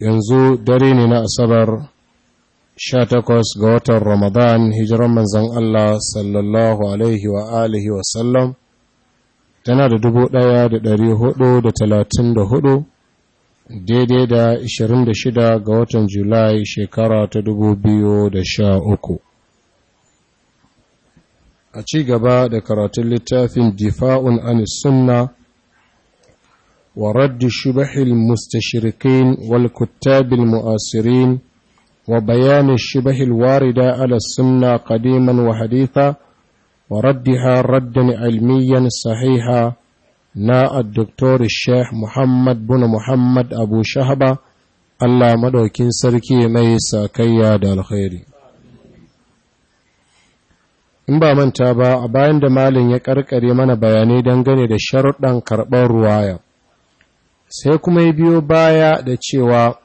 yanzu dare ne na asabar 18 ga watan ramadan hijiran manzan Allah sallallahu alaihi wa alihi wa sallam tana da 1434 daidai da 26 ga watan julai shekara ta 2013 a ci gaba da karatun littafin difa'un anis sunna ورد شبح المستشرقين والكتاب المؤثرين وبيان الشبه الواردة على السنة قديما وحديثا وردها ردا علميا صحيحا نا الدكتور الشيخ محمد بن محمد أبو شهبة الله مدوكين سركي ميسا كيا دا الخير in من manta أبا عند مال da أريمان بياني دنغني mana bayanai dangane da sai kuma ya biyo baya da cewa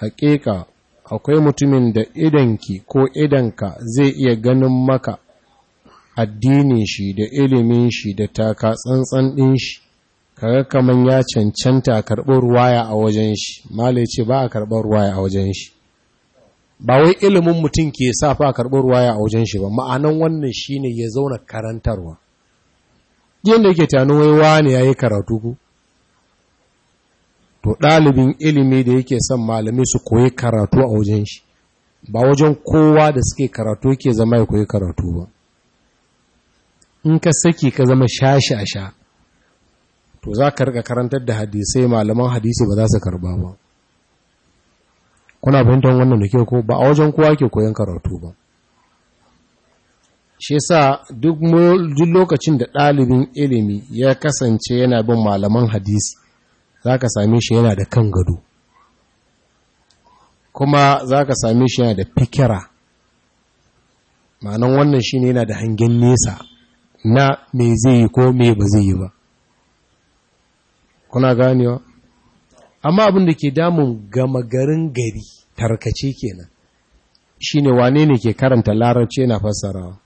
haƙiƙa akwai mutumin da idanki ko idanka zai iya ganin maka addinin shi da ilimin shi da taka tsantsan ɗin shi kaga kaman ya cancanta karɓar ruwaya a wajen shi malai ce ba a karɓar ruwaya a wajen shi ba wai ilimin mutum ke sa fa karɓar ruwaya a wajen shi ba ma'anan wannan shine ya zauna karantarwa da yake tunanin wai wani yayi karatu ku to ɗalibin ilimi da yake son malami su koyi karatu a wajen shi ba wajen kowa da suke karatu yake zama ya koyi karatu ba in ka saki ka zama sha-sha-sha to za ka rika karantar da hadisai malaman hadisi ba za su karba ba kuna fahimtar wannan da ke ko ba a wajen kowa ke koyon karatu ba shi sa duk lokacin da ɗalibin ilimi ya kasance yana bin malaman hadisi za ka same shi yana da kan gado kuma za ka same shi yana da fikira ma'anan wannan shi ne yana da hangen nesa na me zai yi ko me ba zai yi ba kuna wa? amma abin da ke damun gama garin gari tarkace kenan shine wane ne ke karanta larabci yana fassarawa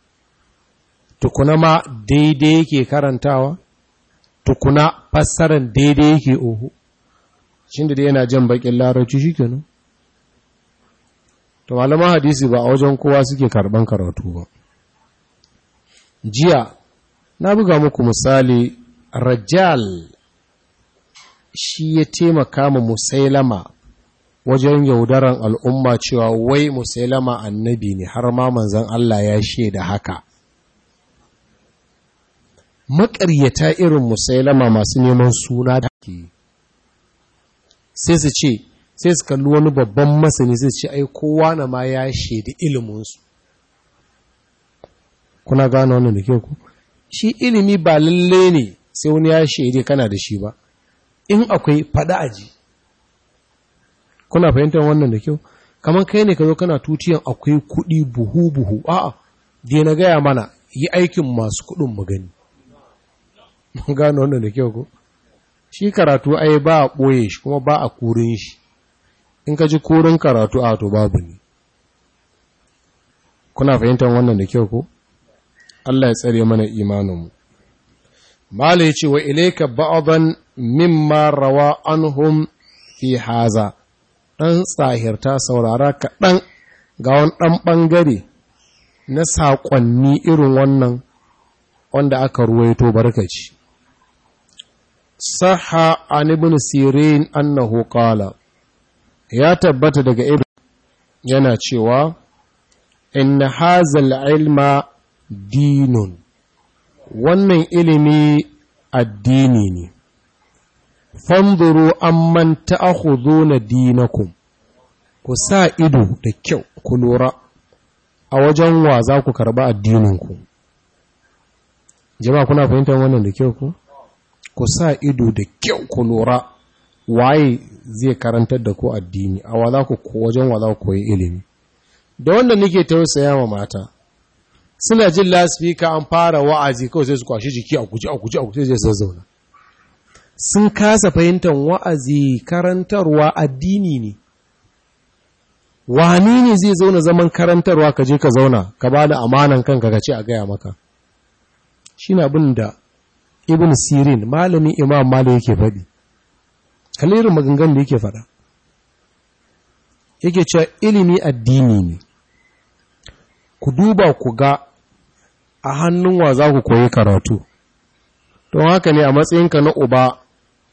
tukuna ma daidai yake karantawa tukuna fassaran daidai yake oho shi da yana jan bakin larabci shi kenan to malaman hadisi ba a wajen kowa suke karban karatu ba jiya na buga muku misali rajal shi ya taimaka ma musailama wajen yaudaran al'umma cewa wai musailama annabi ne har ma manzan Allah ya shaida haka maƙaryata irin musailama masu neman suna da ke sai su ce sai su kalli wani babban masani sai ce ai kowa na ma ya shaidi iliminsu kuna gano wannan da kyau ku shi ilimi ba lalle ne sai wani ya shaidi kana da shi ba in akwai faɗa aji kuna fahimtar wannan da kyau kamar kai ne ka zo kana tutiyan akwai kuɗi buhu buhu a'a dai na gaya mana yi aikin masu kuɗin mu gani mun gano wannan da kyau ko shi karatu ai ba a ɓoye shi kuma ba a kurin shi in ka ji kurin karatu a to babu ne kuna fahimtar wannan da kyau ko Allah ya tsare mana imaninmu mala ya ce wa ilayka ba'dhan mimma rawa anhum fi haza ɗan tsahirta saurara kaɗan ga wani ɗan ɓangare na saƙonni irin wannan wanda aka ruwaito barkaci saha an ibn sirin annahu ya tabbata daga ibn yana cewa inna hazal ilma dinun wannan ilimi addini ne fanzuru amman ta'khuduna dinakum ku sa ido da kyau ku lura a wajen wa za ku karba addininku jama'a kuna fahimtar wannan da kyau ku ku sa ido da kyau ku lura waye zai karantar da ku addini a wala ku wajen wala ku koyi ilimi da wanda nake tausaya ma mata suna jin lasfika an fara wa'azi kawai sai su kwashi jiki a guji a guji a guji sai zazzauna sun kasa fahimtar wa'azi karantarwa addini ne wani ne zai zauna zaman karantarwa ka je ka zauna ka ba da amanan kanka ka ce a gaya maka shi na abin da ibn sirin malamin imam malik yake faɗi kalirin maganganun da yake faɗa yake cewa ilimi addini ne ku duba ku ga a hannun wa za ku koyi karatu don haka ne a matsayinka na uba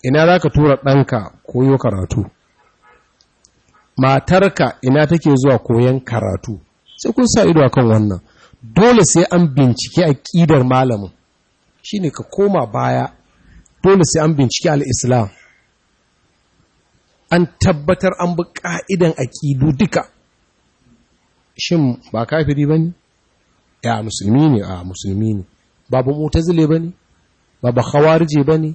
ina za ka tura ɗanka koyo karatu matarka ina take zuwa koyon karatu sai kun sa ido a kan wannan dole sai an bincike a ƙidar malamin shine ka koma baya dole sai an binciki al'islam an tabbatar an bi ƙa'idan aƙidu duka shin ba kafiri ba ne? ya musulmi ne a musulmi ne ba ba mutazile ba ne ba ba hawarje ba ne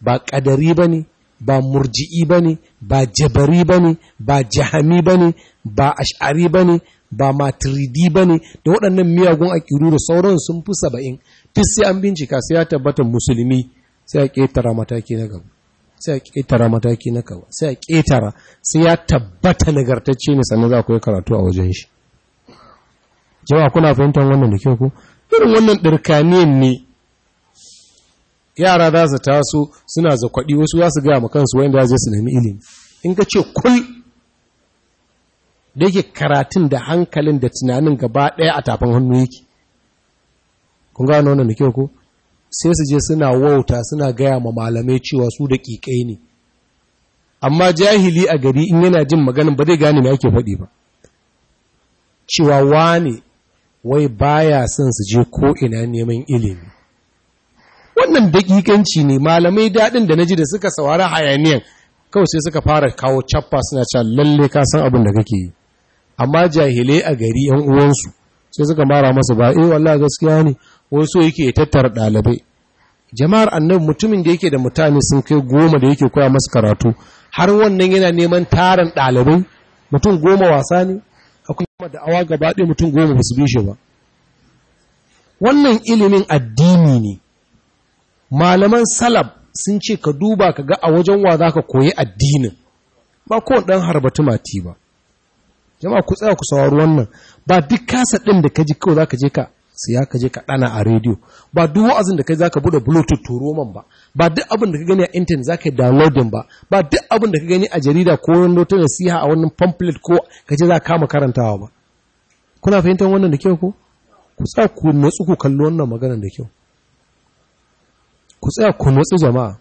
ba ƙadari ba ne ba murji'i ba ne ba jabari ba ne ba jihami ba ne ba ash'ari ba ne ba matiridi ba ne da waɗannan miyagun aƙiru da sauran sun fi saba'in duk sai an bincika sai ya tabbatar musulmi sai ya ƙetara mataki na gaba sai ya ƙetara mataki na gaba sai ya ƙetara sai ya tabbata nagartacce ne sannan za ku yi karatu a wajen shi jama'a kuna fahimtar wannan da kyau ku irin wannan ɗirkaniyan ne yara za su taso suna zakwaɗi wasu za su gaya ma kansu wanda za su nemi ilimi in ka ce kul da yake karatun da hankalin da tunanin gaba ɗaya a tafin hannu yake kun gano wannan da kyau ko sai su je suna wauta suna gaya ma malamai cewa su da ƙiƙai ne amma jahili a gari in yana jin maganin ba zai gane me ake faɗi ba cewa wane wai baya son su je ko ina neman ilimi wannan dakikanci ne malamai daɗin da na ji da suka saurari hayaniyan kawai sai suka fara kawo cappa suna cewa lalle ka san abin da kake yi amma jahilai a gari yan uwansu sai suka mara masa ba eh wallahi gaskiya ne wai so yake tattara ɗalibai jama'ar annabi mutumin da yake da mutane sun kai goma da yake koya masu karatu har wannan yana neman tarin ɗalibai mutum goma wasa ne akwai kuma da awa gaba ɗaya mutum goma su bi shi ba wannan ilimin addini ne malaman salab sun ce ka duba ka ga a wajen wa za ka koyi addinin ba ko ɗan harbatu mati ba jama'a ku tsaya ku saurari wannan ba duk kasa ɗin da ka ji kawai za ka je ka siya ka je ka ɗana a rediyo ba duk wa'azin da kai zaka bude bluetooth turoman ba ba duk abin da ka gani a internet zaka yi downloading ba ba duk abin da ka gani a jarida ko wani wata nasiha a wannan pamphlet ko ka je za ka kama karantawa ba kuna fahimtar wannan da kyau ko ku tsaya ku nutsu ku kalli wannan maganar da kyau ku tsaya ku nutsu jama'a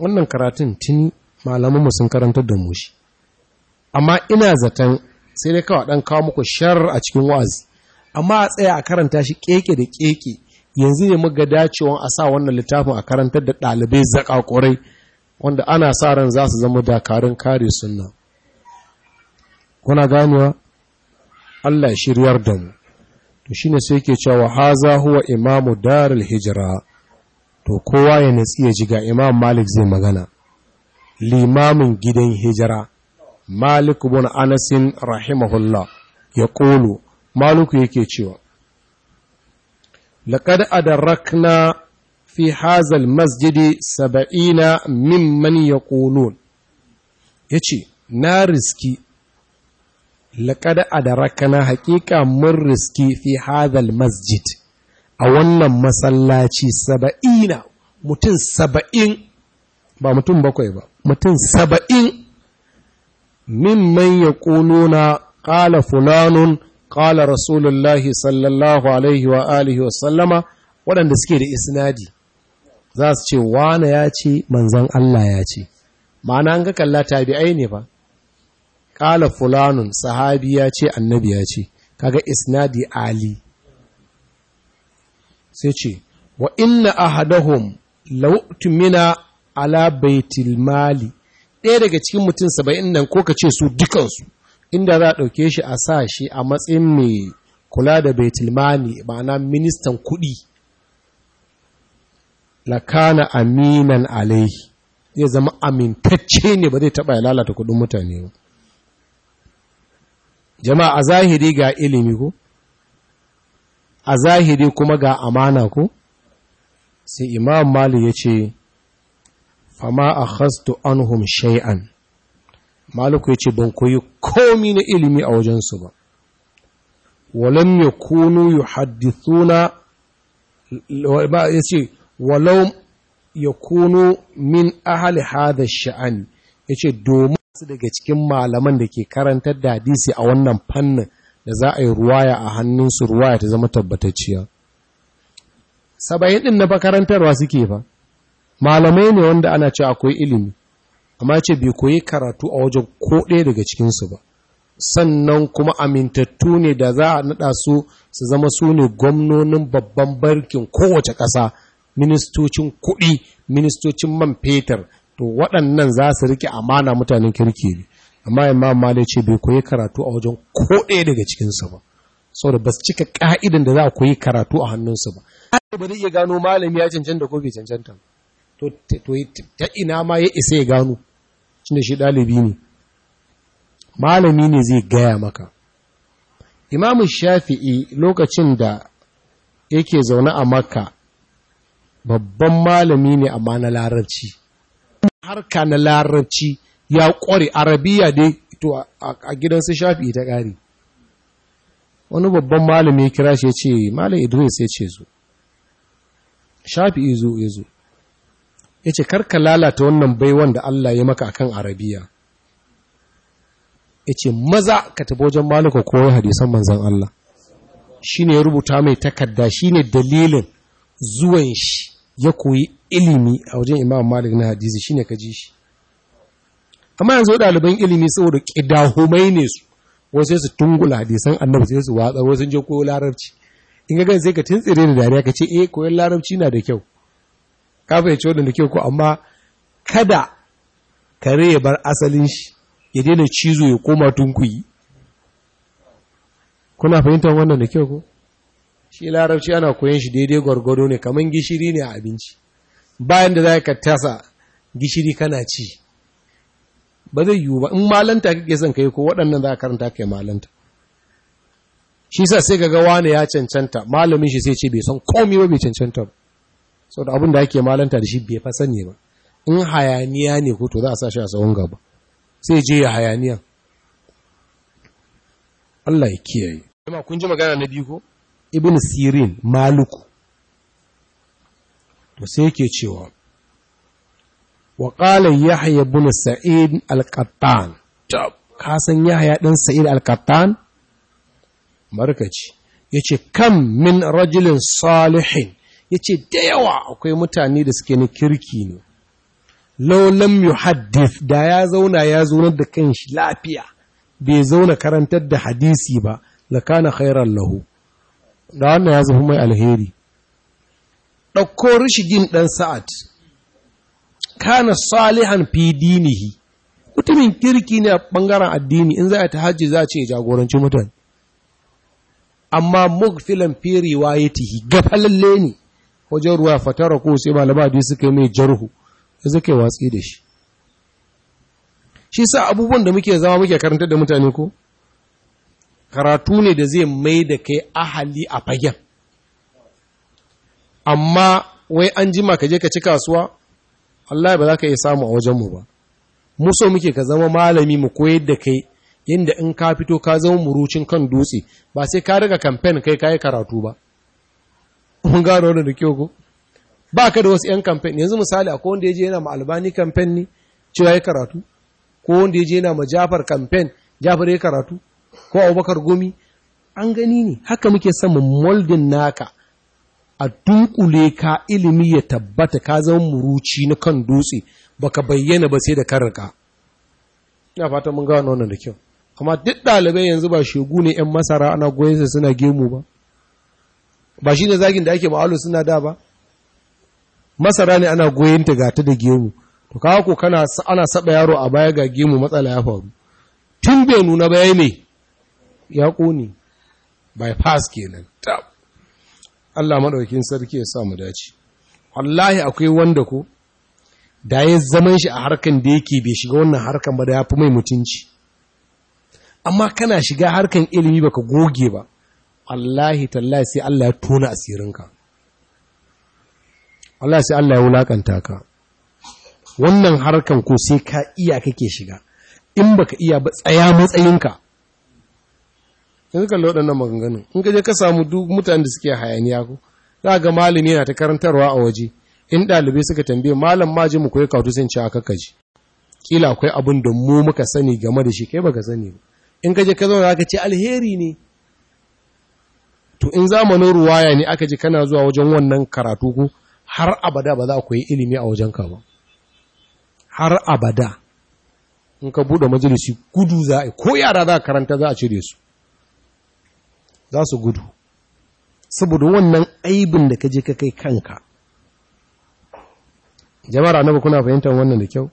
wannan karatun tuni mu sun karantar da mu shi amma ina zaton sai dai kawai dan kawo muku shar a cikin wa'azi amma a tsaya a karanta shi keke da keke yanzu ne muga dacewan a sa wannan littafin a karantar da ɗalibai zakakurai wanda ana sa ran za su zama dakarun kare sunna kuna ganewa Allah shiryar da mu to shine sai ke cewa haza huwa imamu darul hijira to kowa ya natsi ya ji ga imam malik zai magana limamin gidan hijira malik bin anasin rahimahullah ya kolo maluku yake cewa laqad adarakna fi hazal masjidi saba'ina mimman Ya yace na riski laqad adarakna haƙiƙa mun riski fi hazal masjid a wannan masallaci saba'ina mutum saba'in ba mutum bakwai ba mutum saba'in mimman ya na ƙala fulanun qala rasulullahi sallallahu alaihi wa alihi wa sallama waɗanda suke da isnadi za su ce wane ya ce manzan Allah ya ce ma'ana an ga kalla tabi'ai ne ba qala fulanun sahabi ya ce annabi ya ce kaga isnadi ali sai ce wa inna ahadahum law tumina ala baitil mali ɗaya daga cikin mutum saba'in nan ko ka ce su dukansu inda za a ɗauke shi a sa shi a matsayin mai kula da betulmani, ma'ana ministan kuɗi lakana aminan alai zai zama amintacce ne ba zai taɓa ya lalata kuɗin mutane ba jama'a a zahiri ga ilimi ko a zahiri kuma ga amana ko sai imam mali ya ce fama a khastu anhum shay'an Maluku ya ce ban koyi komi na ilimi a wajensu ba walam ya kunu yi haddithuna ya ce walau ya kunu min ahali hada sha'ani ya ce domin su daga cikin malaman da ke karantar da hadisi a wannan fannin da za a yi ruwaya a hannunsu ruwaya ta zama tabbatacciya saba'in ɗin na makarantarwa suke ba. malamai ne wanda ana ce akwai ilimi amma ce bai koyi karatu a wajen ko ɗaya daga cikinsu ba sannan kuma amintattu ne da za a naɗa su su zama su ne gwamnonin babban barkin kowace ƙasa ministocin kuɗi ministocin man fetur to waɗannan za su rike amana mutanen kirki ne amma imam malik ce bai koyi karatu a wajen ko ɗaya daga cikinsu ba saboda ba su cika ka'idan da za a koyi karatu a hannunsu ba ba zai iya gano malami ya cancanta ko bai cancanta to ta ina ma ya isa ya gano cin shi ɗalibi ne malami ne zai gaya maka imamu shafi'i lokacin da yake zaune a maka babban malami ne amma na larabci harka na larabci ya ƙware arabiya dai to a gidansu shafi'i ta ƙari wani babban malami ya kira shi ya ce malam idris ya ce zo shafi'i zo ya zo ya ce karka lalata wannan baiwan da Allah ya maka akan arabiya ya ce maza ka tafi wajen ko ya hadisan manzan Allah shi ne rubuta mai takarda shi ne dalilin zuwan shi ya koyi ilimi a wajen imam malik na hadisi shi ne ka ji shi amma yanzu ɗaliban ilimi saboda ƙidahumai ne su wasu su tungula hadisan annabi sai su watsa wasu je koyo larabci in ga gan sai ka tuntsire da dariya ka ce e, koyon larabci na da kyau ka fahimci wannan da ke ku amma kada kare ya bar asalin shi ya daina cizo ya koma tunkuyi kuna fahimtar wannan da ke ko shi larabci ana koyon shi daidai gwargwado ne kamar gishiri ne a abinci bayan da za ka tasa gishiri kana ci ba zai yiwu ba in malanta kake son kai ko waɗannan za ka karanta kai malanta shi sa sai ga gawa ne ya cancanta malamin shi sai ce bai san komai ba bai cancanta ba sau da abin da ake malanta da shi bai fa sani ba in hayaniya ne ko to za a sa shi a tsawon gaba sai je ya hayaniya Allah ya kiyaye amma kun ji magana na biyu ko ibn sirin maluku to sai yake cewa wa qala yahya ibn sa'id al-qattan ka san yahya dan sa'id al-qattan markaci yace kam min rajulin salihin ya ce da yawa akwai mutane da suke na kirki ne laulam yuhaddith da ya zauna ya zaunar da kan shi lafiya bai zauna karantar da hadisi ba kana khairan lahu da wannan ya zama mai alheri ɗauko rishigin ɗan sa'ad kana salihan fi dinihi mutumin kirki ne a ɓangaren addini in za a ta hajji za a ce jagoranci mutane amma mugfilan fi riwayatihi gafalalle ne wajen ruwa fatara ko sai malama hadisi suka yi mai jarhu ya zake watsi da shi shi sa abubuwan da muke zama muke karanta da mutane ko karatu ne da zai mai da kai ahali a fagen amma wai an jima ka je ka ci kasuwa Allah ba za ka iya samu a wajenmu ba mu muke ka zama malami mu koyar da kai yadda in ka fito ka zama murucin kan dutse ba sai ka daga kamfen kai ka yi karatu ba mun gano da ko ba ka da wasu 'yan kamfen yanzu misali a wanda ya je yana ma albani kamfen ne cewa ya karatu ko wanda ya je yana ma jafar kamfen jafar ya karatu ko abubakar gomi an gani ne haka muke sama moldin naka a dunkule ka ilimi ya tabbata ka zama muruci na kan dutse baka bayyana ba sai da karaka ina fatan mun gano wannan da kyau amma duk ɗalibai yanzu ba shegu ne 'yan masara ana goyon suna gemu ba ba shi ne zagin da ake ma'alu suna da ba masara ne ana goyon ta gata da gemu to kawo ko kana ana saba yaro a baya ga gemu matsala ya faru tun bai nuna baya ne ya ƙone bypass kenan tab Allah madaukakin sarki ya sa mu dace wallahi akwai wanda ko da ya zaman shi a harkan da yake bai shiga wannan harkan ba da ya fi mai mutunci amma kana shiga harkan ilimi baka goge ba allahi tallahi sai Allah ya tona asirinka Allah sai Allah ya wulakanta ka wannan harkan ko sai ka iya kake shiga in baka iya ba tsaya matsayinka yanzu kallon waɗannan maganganu, in ka je ka samu duk mutane da suke hayaniya ku, za ga malami yana ta karantarwa a waje in ɗalibai suka tambaye malam ma ji mu koyi kawo sun ci aka kaji kila akwai abin da mu muka sani game da shi kai baka sani ba in ka je ka zauna ka ce alheri ne to in zamanin ruwaya ne aka ji kana zuwa wajen wannan karatu ku har abada ba za ku yi ilimi a wajenka ba har abada in ka bude majalisi gudu za a ko yara za a karanta za a cire su za su gudu saboda wannan aibin da ka je ka kai kanka jama'ar annabi kuna fahimtar wannan da kyau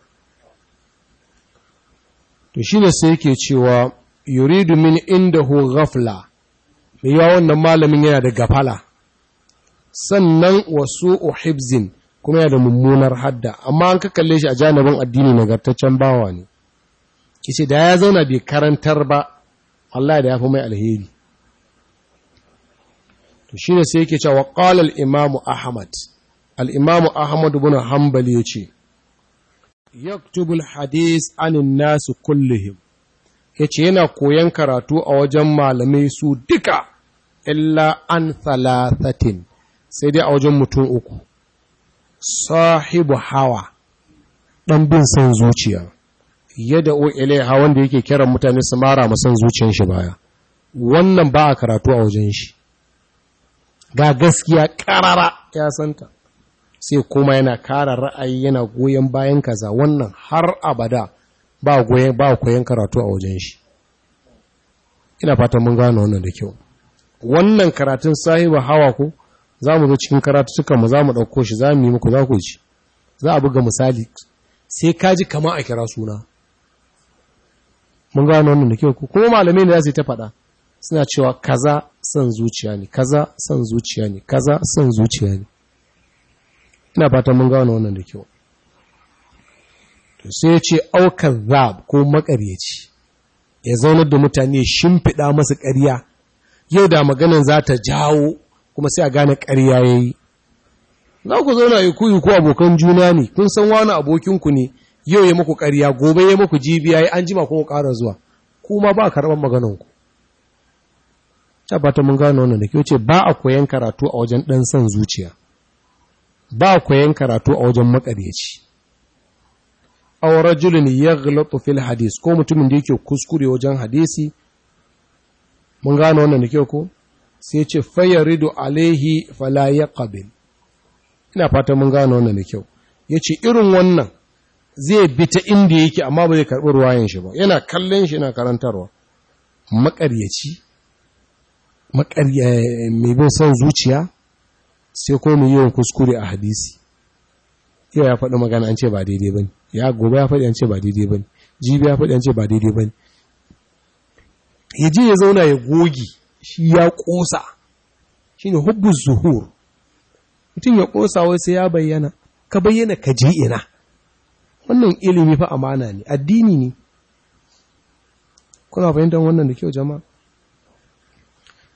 to shine sai yake cewa yuridu min indahu ghafla mai yawa wannan malamin yana da gafala sannan wasu uhibzin kuma yana da mummunar hadda amma an ka kalle shi a janibin addini nagartaccen bawa ne kishi da ya zauna bai karantar ba Allah da ya fi mai alheri to ne sai yake cewa qala al-imamu ahmad al-imamu ahmad ibn hanbali yace yaktubul hadis anin nasu kullihim ya ce yana koyan karatu a wajen malamai su duka illa an thalathatin sai dai a wajen mutum uku sahibu hawa ɗan bin son zuciya yadda o hawan wanda yake kiran mutane su mara ma son zuciyar shi baya wannan ba a karatu a wajen shi ga gaskiya karara ya santa sai kuma yana kara ra'ayi yana goyon bayan kaza wannan har abada ba koyan ba koyon karatu a wajen shi ina fatan mun gano wannan da kyau wannan karatun sahiba hawa ko za mu zo cikin karatutukan mu za mu ɗauko shi za mu yi muku za ku ci za a buga misali sai ka ji kama a kira suna mun gano wannan da kyau kuma malamai ne za su ta faɗa suna cewa kaza son zuciya ne kaza son zuciya ne kaza son zuciya ne ina fatan mun gano wannan da kyau to sai ya ce aukar zab ko makaryaci ya zaunar da mutane shimfiɗa masa ƙarya yau da maganan za ta jawo kuma sai a gane ƙarya ya yi za ku zauna yi kuyi ko abokan juna ne kun san wani abokinku ne yau ya muku ƙarya gobe ya muku jibiya ya an jima kuma ƙara zuwa kuma ba karɓar magananku ta ba mun gano wannan da kyau ce ba a koyan karatu a wajen ɗan son zuciya ba a koyan karatu a wajen maƙaryaci Aure rajulin ya fil hadis ko mutumin da yake kuskure wajen hadisi mun gano wannan da kyau ko sai ce fayyaridu alaihi fala yaqbil ina fata mun gano wannan da kyau yace irin wannan zai bi ta inda yake amma ba zai karbi ruwayan shi ba yana kallon shi yana karantarwa makaryaci makarya eh, mai bin son zuciya sai ko mu yawan kuskure a hadisi yau ya faɗi magana an ce ba daidai bane ya gobe ya faɗi an ce ba daidai bane jibi ya faɗi an ce ba daidai bane ya je ya zauna ya goge shi ya ƙosa shi ne hubbun zuhur mutum ya ƙosa wai sai ya bayyana ka bayyana ka je ina wannan ilimi fa amana ne addini ne kuna fahimtar wannan da kyau jama'a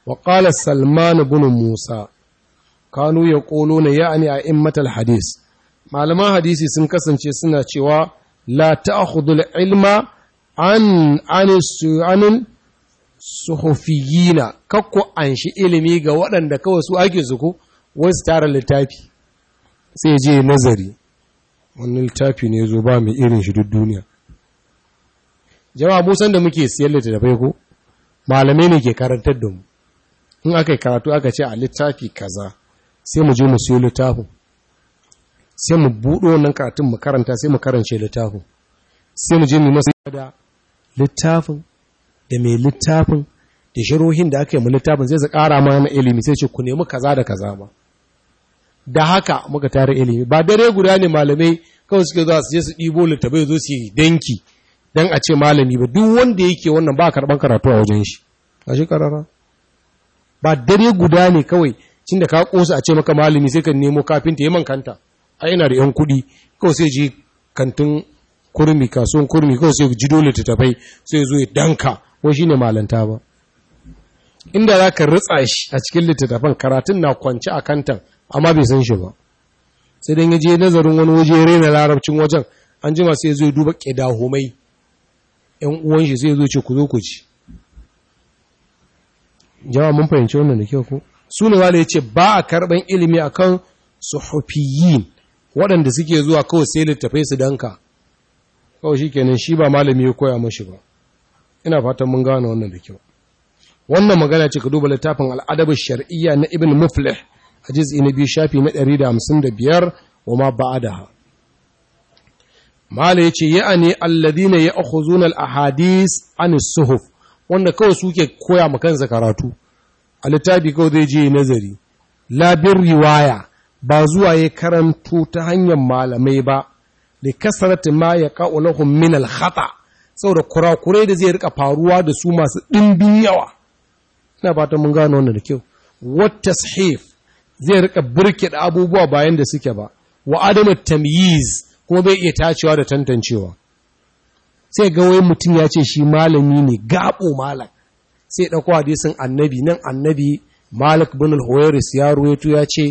wa salman musa kanu ya ƙolo na ya'ani ya'ni immatal hadis malaman hadisi sun kasance suna cewa la ta'a ilma an an suhufiyina kakko an shi ilimi ga waɗanda kawai su ake zuku wai su tara littafi sai je nazari wani littafi ne zo ba mai irin shi duk duniya jama'a mu san da muke siyan littattafai ko malamai ne ke karantar da mu in aka yi karatu aka ce a littafi kaza sai mu je mu siyo littafin sai mu buɗo wannan karatun mu karanta sai mu karance littafin sai mu je mu masu da littafin da mai littafin da shirohin da aka yi mu littafin zai ƙara mana ilimi sai ce ku nemi kaza da kaza ba da haka muka tare ilimi ba dare guda ne malamai kawai suke zuwa su je su ɗibo littafai zo su yi danki dan a ce malami ba duk wanda yake wannan ba karban karatu a wajen shi a shi karara ba dare guda ne kawai cin da ka kosa a ce maka malami sai ka nemo kafinta ya mankanta a ina da yan kuɗi kawai sai je kantin kurmi kasuwan kurmi kawai sai ji dole ta tafai sai zo ya danka wai shine malanta ba inda za ka ritsa shi a cikin littattafan karatun na kwanci a kantan amma bai san shi ba sai dan yaje nazarin wani waje rena larabcin wajen an jima sai zo duba homai yan uwan shi sai zo ce ku zo ku ci jama'a mun fahimci wannan da kyau ko su ne wale yace ba a karban ilimi akan suhufiyin waɗanda suke zuwa kawai sai littafai su danka kawai shikenan shi ba malami ya koya mashi ba ina fatan mun gane wannan da kyau wannan magana ce ka duba littafin al'adab shar'iyya na ibn muflih a juz'i na biyu shafi na 155 wa ma ba'adaha mala yace ya'ani alladhina ya'khuzuna al-ahadith an as-suhuf wanda kawai suke koya ma kansa karatu a littafi kawai zai je nazari labin riwaya ba zuwa ya karantu ta hanyar malamai ba li kasrati ma yaqa'u lahum min al saboda kurakurai da zai rika faruwa da su masu ɗimbin yawa ina fatan mun gano wannan da kyau wata sahif zai rika birke da abubuwa bayan da suke ba wa adama tamyiz kuma bai iya tacewa da tantancewa sai ga wai mutum ya ce shi malami ne gaɓo malam sai ɗauko hadisin annabi nan annabi malik bin al-huwairis ya ruwaito ya ce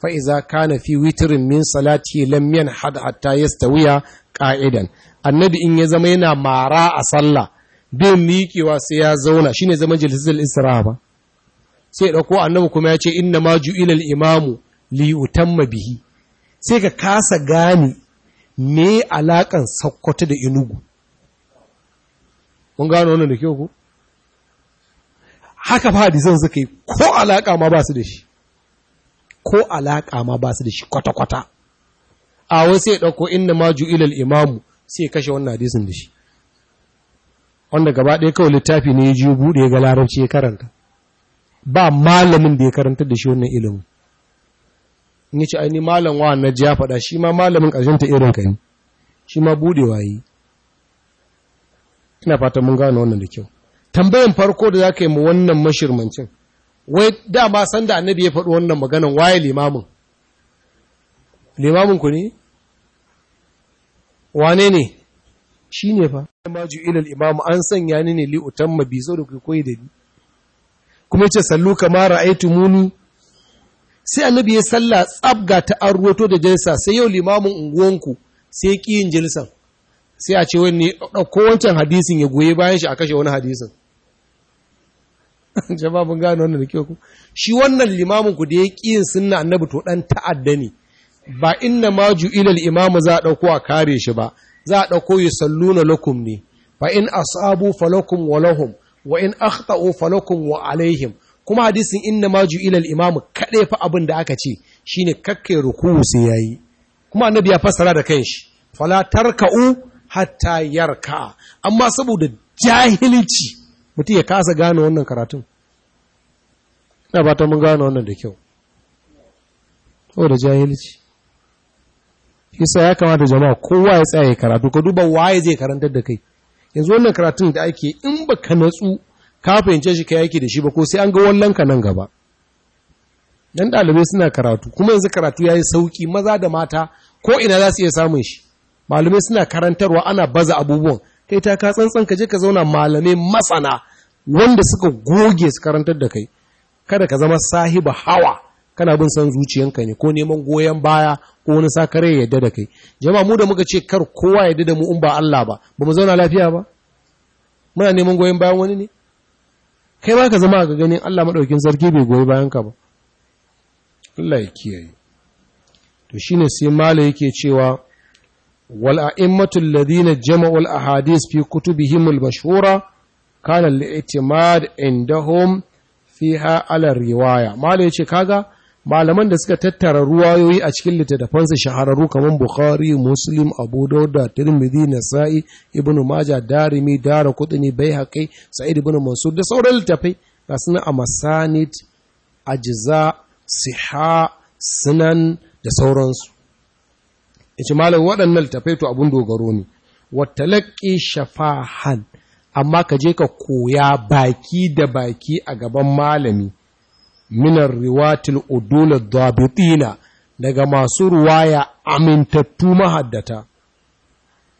fa iza kana fi witrin min salati lam hada, hatta yastawiya qa'idan annabi in ya zama yana mara a sallah bin miƙewa sai ya zauna Shi ne zama jalisal isra ba sai ɗauko annabi kuma ya ce inna ma ju'ilal imamu li utamma bihi sai ka kasa gane me alaƙan sakkwato da inugu mun gano wannan da kyau ko haka fa hadisan suka yi ko alaƙa ma ba su da shi ko alaƙa ma ba su da shi kwata-kwata a wasu ya ɗauko inna ma ju'ilal imamu sai kashe wannan hadisin da shi wanda gaba ɗaya kawai littafi ne ya ji buɗe ga larabci ya karanta ba malamin da ya karanta da shi wannan ilimin in yi ci aini malam wa na ji ya faɗa shi ma malamin ƙarshen ta irin kai shi ma wa yi ina fata mun gane wannan da kyau tambayan farko da za ka yi mu wannan mashirmancin wai dama san da annabi ya faɗi wannan maganan waye limamin limamin ku ne wane ne shi ne fa ma ilil imamu an sanya ni ne li'utamma bi zo da koyi da ni kuma ce sallu kama ra'aitu muni sai annabi ya salla tsabga ta an ruwato da jalsa sai yau limamin unguwanku sai ya yin jalsan sai a ce wani ɗauko wancan hadisin ya goye bayan shi a kashe wani hadisin jama'a mun gane wannan da kyau ku shi wannan limamin ku da ya kiyin yin sunna annabi to ɗan ta'adda ne ba inna ma ju'ilal imamu za a ɗauko a kare shi ba za a ɗauko yi salluna lakum ne fa in asabu falakum wa lahum wa in akhta'u falakum wa alaihim kuma hadisin inna ma ju'ila imamu kaɗai fa abin da aka ce shine kakkai ruku'u sai yayi kuma annabi ya fassara da kanshi fala tarka'u hatta yarka amma saboda jahilci mutum ya kasa gane wannan karatun ina ba ta mun gane wannan da kyau saboda jahilci yasa ya kamata jama'a kowa ya tsaya karatu ka duba waye zai karantar da kai yanzu wannan karatun da ake in baka natsu ka fahimce shi ka yake da shi ba ko sai an ga wallan ka nan gaba dan dalibai suna karatu kuma yanzu karatu yayi sauki maza da mata ko ina za su iya samun shi malamai suna karantarwa ana baza abubuwan kai ta ka tsantsan ka je ka zauna malamai masana wanda suka goge su karantar da kai kada ka zama sahiba hawa kana bin san zuciyanka ne ko neman goyon baya ko wani sakare ya yadda da kai jama'a mu da muka ce kar kowa ya yadda da mu in ba Allah ba ba mu zauna lafiya ba muna neman goyon bayan wani ne kai ba ka zama ga ganin Allah madaukin sarki bai goyi bayan ka ba Allah ya kiyaye to shine sai mala yake cewa wal a'immatu alladhina jama'u al ahadith fi kutubihim al mashhura kana al indahum fiha ala riwaya mala yace kaga malaman da suka tattara ruwayoyi a cikin littattafansa shahararru kamar bukhari muslim abu dauda tirmidhi nasa'i ibnu majah darimi dara kutuni baihaqi sa'id ibnu mansur da sauran littafai ga suna a masanid ajza siha sunan da sauransu ce malam waɗannan littafai to abun dogaro ne wa talaqi shafahan amma ka je ka koya baki da baki a gaban malami minar riwatil udula dabitina daga masu ruwaya amintattu mahaddata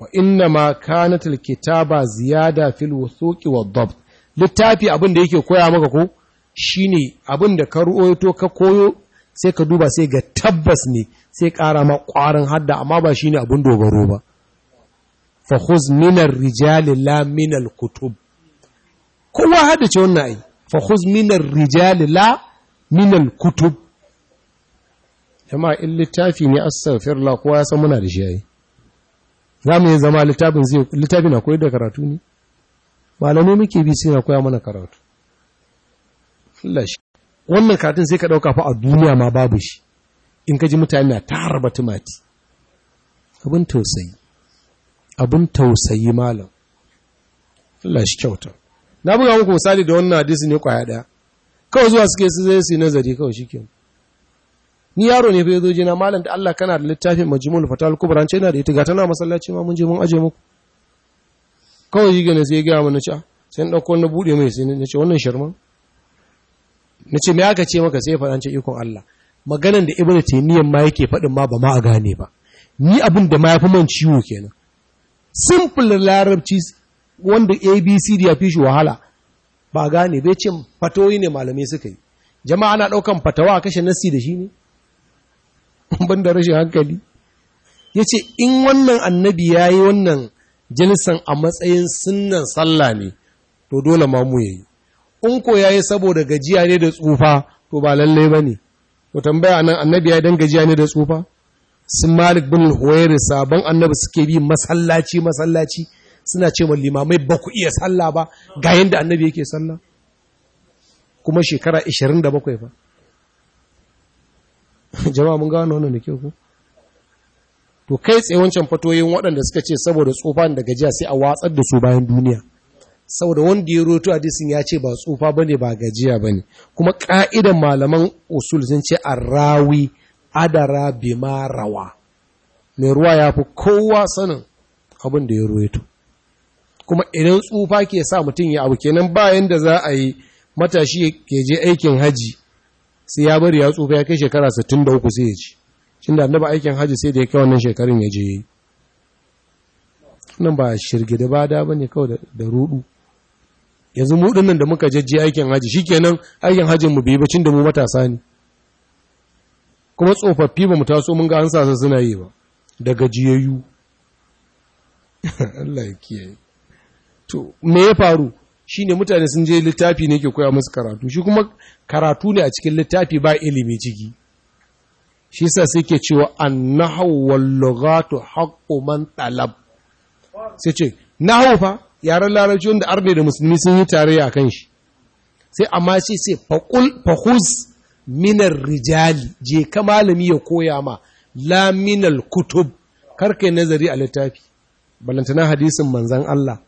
wa inna ma kanat alkitaba ziyada fil wuthuqi wad littafi abin da yake koya maka ko shine abin da ka ruwaito ka koyo sai ka duba sai ga tabbas ne sai ƙara ma ƙwarin hadda amma ba shine abin dogaro ba fa khuz min ar-rijal la min al-kutub kowa haddace wannan ai fa khuz min ar-rijal la minal kutub jama'a in littafi ne astaghfirullah kowa ya san muna da shi yayi za mu yi zama littafin zai littafin na koyar da karatu ne malamai muke bi sai na koya mana karatu wannan karatun sai ka dauka fa a duniya ma babu shi in ka ji mutane na taraba tumati abin tausayi abin tausayi malam Allah shi kyauta na buga muku misali da wannan hadisi ne kwaya daya kawai zuwa suke su zai su nazari kawai shi ke ni yaro ne fai zoji na, malam da Allah kana da littafin majimul fatal kubra ce na da ita gata na masallaci ma mun je mun aje muku kawai shi gane sai ya gaya mana cewa sai na dauko na bude mai sai na ce wannan sharman na ce me aka ce maka sai faɗance ce ikon Allah maganan da ibnu taymiyyah ma yake faɗin ma ba ma a gane ba ni abin da ma yafi man ciwo kenan simple larabci wanda abcd ya fi shi wahala ba gane bai ce fatoyi ne malamai suka yi jama'a na ɗaukan fatawa kashe nassi da shi ne ban da rashin hankali ya ce in wannan annabi ya yi wannan jinsin a matsayin sunan sallah ne to dole ma mu yayi in ko ya yi saboda gajiya ne da tsufa to ba lallai ba ne. to tambaya nan annabi ya dan gajiya ne da tsufa sun malik bin huwairi sabon annabi suke bi masallaci masallaci suna ce wa limamai ba ku iya sallah ba ga yadda annabi yake sallah kuma shekara 27 ba jama'a mun gano wannan da ke ku to kai tsaye wancan fatoyin waɗanda suka ce saboda tsufan da gajiya sai a watsar da su bayan duniya saboda wanda ya roto disin ya ce ba tsufa ne ba gajiya ba ne. kuma ƙa'idan malaman usul sun ce rawi adara bima rawa mai ruwa ya fi kowa sanin abin da ya roto kuma idan tsufa ke sa mutum ya abu kenan bayan da za a yi matashi ke je aikin haji sai ya bari ya tsufa ya kai shekara 63 sai ya ci shin da annaba aikin haji sai da ya kai wannan shekarun ya je yi? nan ba shirge da bada ne kawai da rudu yanzu mu dinnan da muka jajje aikin haji shikenan aikin hajin mu bai bacin da mu matasa ne kuma tsofaffi ba mu taso mun ga an sa suna yi ba daga jiyayyu Allah ya kiyaye to me ya faru shine mutane sun je littafi ne ke koya musu karatu shi kuma karatu ne a cikin littafi ba ilimi ciki shi sa sai ke cewa annahu wal lughatu haqqu man talab sai ce fa yaran larabci wanda arne da musulmi sun yi tarayya kan shi sai amma sai sai faqul fahuz min rijali je ka malami ya koya ma la min kutub yi nazari a littafi balantana hadisin manzon Allah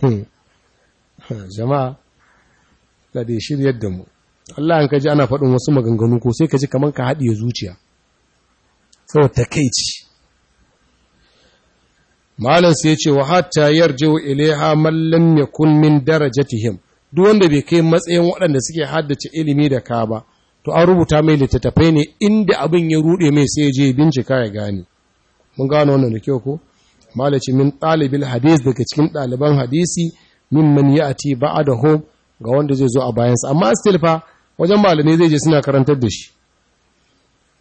Hmm. jama'a da dai shiryar da mu Allah an kaji ana faɗin wasu maganganu ko sai kaji kaman ka haɗiye zuciya sau ci malam sai ce wa hatta yarjiu iliha mallan ya yakun min darajatihim duk wanda bai kai matsayin waɗanda suke haddace ilimi da ka ba to an rubuta mai littattafai ne inda abin ya rude mai sai je bincika ya gane mun gano wannan da kyau ko malaci min ɗalibin hadis daga cikin ɗaliban hadisi min man a da hom ga wanda zai zo a bayansa amma stilfa wajen malamai zai je suna karantar da shi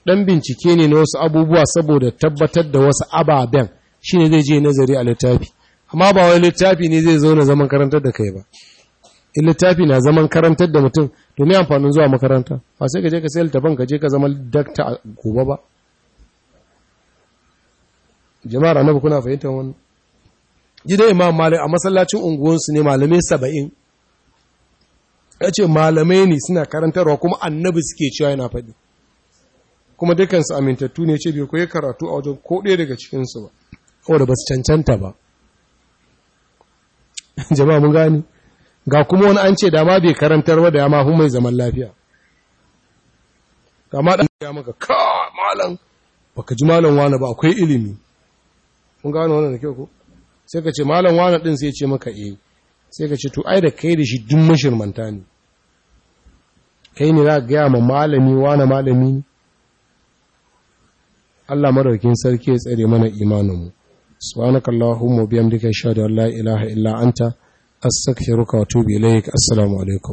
dan bincike ne na wasu abubuwa saboda tabbatar da wasu ababen shine zai je nazari a littafi amma ba wani littafi ne zai zo na zaman karantar da kai ba in littafi na zaman karantar da mutum to me amfanin zuwa makaranta ba sai ka je ka sai littafin ka je ka zama dakta gobe ba jama'ar annabi kuna fahimtar wannan gidan imam malik a masallacin unguwansu ne malamai saba'in ya ce malamai ne suna karantarwa kuma annabi suke cewa yana faɗi kuma dukansu amintattu ne ce bai koyi karatu a wajen ko ɗaya daga cikinsu ba wadda ba su cancanta ba jama'a mun gani ga kuma wani an ce dama bai karantar ba da ya mahu mai zaman lafiya kama ɗan ya maka ka malam baka ji malam wani ba akwai ilimi mun gano wannan da kyau ko sai ka ce malam wane din sai ce maka eh sai ka ce to ai da kai da shi duk mashirmanta ne kai ne za ka gaya ma malami wane malami ne Allah madaukin sarki ya tsare mana imaninmu subhanaka allahumma biyamdika ashhadu an la ilaha illa anta astaghfiruka wa atubu ilaik assalamu alaikum